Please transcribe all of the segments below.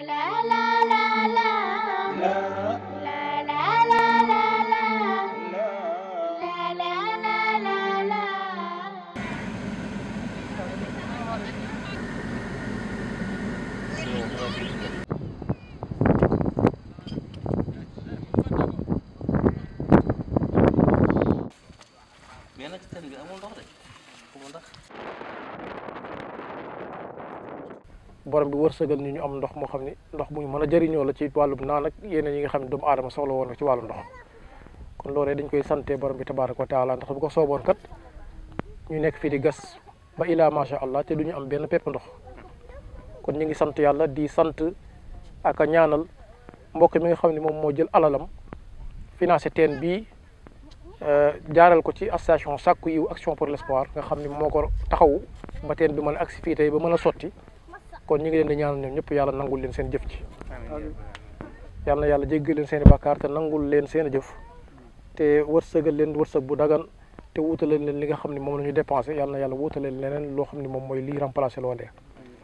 Merksten, wie immer noch nicht. Guck mal da. borom bi wërsëgal ñu ñu am ndox moo xam ne ndox bu ñu mën a jëriñoo la ci wàllum naan ak yeneen yi nga xam ne doomu aadama soxla woon ci wàllu ndox kon loolee dañ koy sante borom bi tabaaraka wa taala ndax bu ko sooboon kat ñu nekk fii di gas ba ilaa macha allah te du ñu am benn pepp ndox kon ñu ngi sant yàlla di sant ak a ñaanal mbokk mi nga xam ni moom moo jël alalam financé teen bii euh, jaaral ko ci association sàkku yiw action pour l'espoir nga xam ne moo ko taxawu ba teen bi mën a agsi fii tey ba mën a sotti kon ñu ngi leen di ñaanal ñoom ñëpp yàlla nangul leen seen yàlla yàlla jéggal leen seen i bàkkaar nangul leen seen jëf te wërsëgal leen wërsëg bu dagan te wuutaleen leen li nga xam ne moom la ñu dépensé yàlla na yàlla wuutaleen loo xam ne moom mooy lii remplacé loolee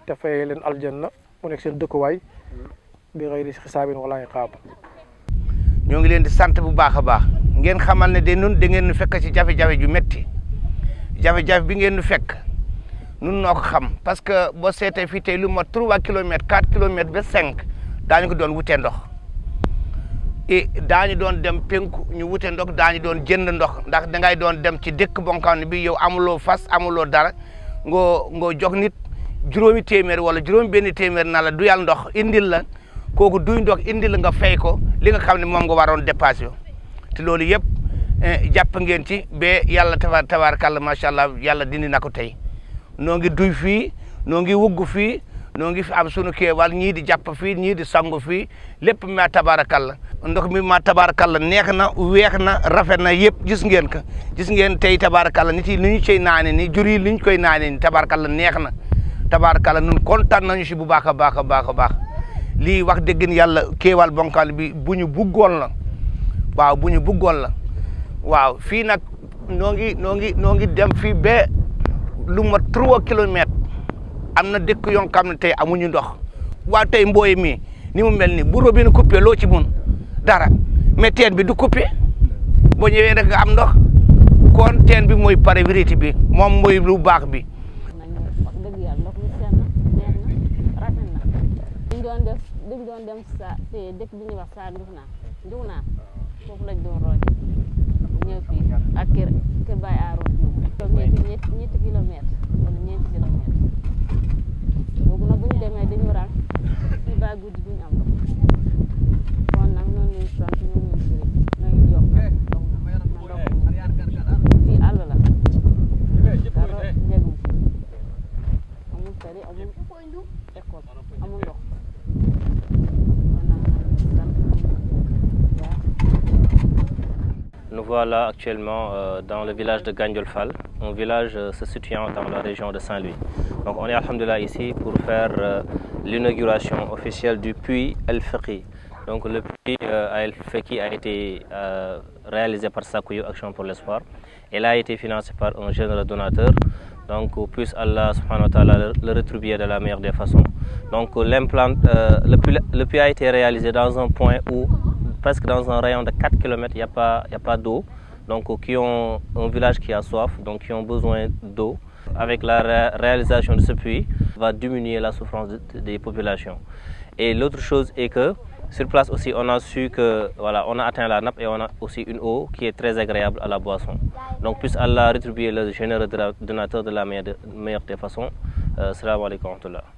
te fayee leen aljanna mu nekk seen dëkkuwaay bi xëyri xisaabin wala iqaab ñoo ngi leen di sant bu baax a baax ngeen xamal ne de nun da ngeen nu fekk ci jafe-jafe ju metti jafe-jafe bi ngeen nu fekk nun noo ko xam parce que boo seetee fii tey lu mat trois kilomètres quatre kilomètres ba cinq daañu ko doon wutee ndox daañu doon dem penku ñu wute ndox daañu doon jënd ndox ndax dangay doon dem ci dëkk boo xam ne bi yow amuloo fas amuloo dara ngoo ngoo jox nit téeméer wala juróomi benn téeméer na la duyal ndox indil la kooku duy ndox indil la nga fay ko li nga xam ne moom nga waroon dépassé yo te loolu yëpp eh, jàpp ngeen ci ba yàlla tabaar tabaarkàlla macha allah yàlla dindi na ko tey noo ngi duy fii noo ngi wugg fii noo ngi fi am sunu keewal ñii di jàpp fi ñii di sangu fii lépp ma tabaarakalla ndox mi ma tabaarakalla neex na weex na rafet na yëpp gis ngeen ko gis ngeen tey tabaarakalla nit yi ni ñu cay naane ni jur yi li ñu koy naane ni tabaarakalla neex na tabaarakalla nun kontaan nañu si bu baax a baax a baax a baax lii wax dëgg yàlla keewal bonkal bi bu ñu buggoon la waaw bu ñu buggoon dem fii ba lu ma trois kilomètres am na dëkk yoo xam ne tey amuñu ndox waa tey mbooy mi ni mu mel ni bu robinet coupé loo ci mun dara mais teen bi du coupé boo ñëwee rek nga am ndox kon teen bi mooy pare vérité bi moom mooy lu baax bi. doon def dañ doon dem sa eh, dëkk bi ñuy wax sa Ndiouna Ndiouna ak kër kër Baye Aaron Diouf ñeenti ñeenti kilomètre wala ñeenti voit là actuellement euh, dans le village de Gandjolfal, un village euh, se situant dans la région de Saint-Louis. Donc on est là ici pour faire euh, l'inauguration officielle du puits El Faki. Donc le puits El Faki a été réalisé par Sakuyo Action pour l'Espoir. Il a été financé par un jeune donateur. Donc puisse Allah subhanahu wa ta'ala le rétribuer de la meilleure des façons. Donc le puits a été réalisé dans un point où que dans un rayon de 4 km, il n'y a pas, d'eau. Donc, qui ont un village qui a soif, donc qui ont besoin d'eau. Avec la réalisation de ce puits, va diminuer la souffrance des populations. Et l'autre chose est que sur place aussi, on a su que on a atteint la nappe et on a aussi une eau qui est très agréable à la boisson. Donc, puisse Allah rétribuer le généreux donateur de la meilleure, façon, des façons. Euh, salam là.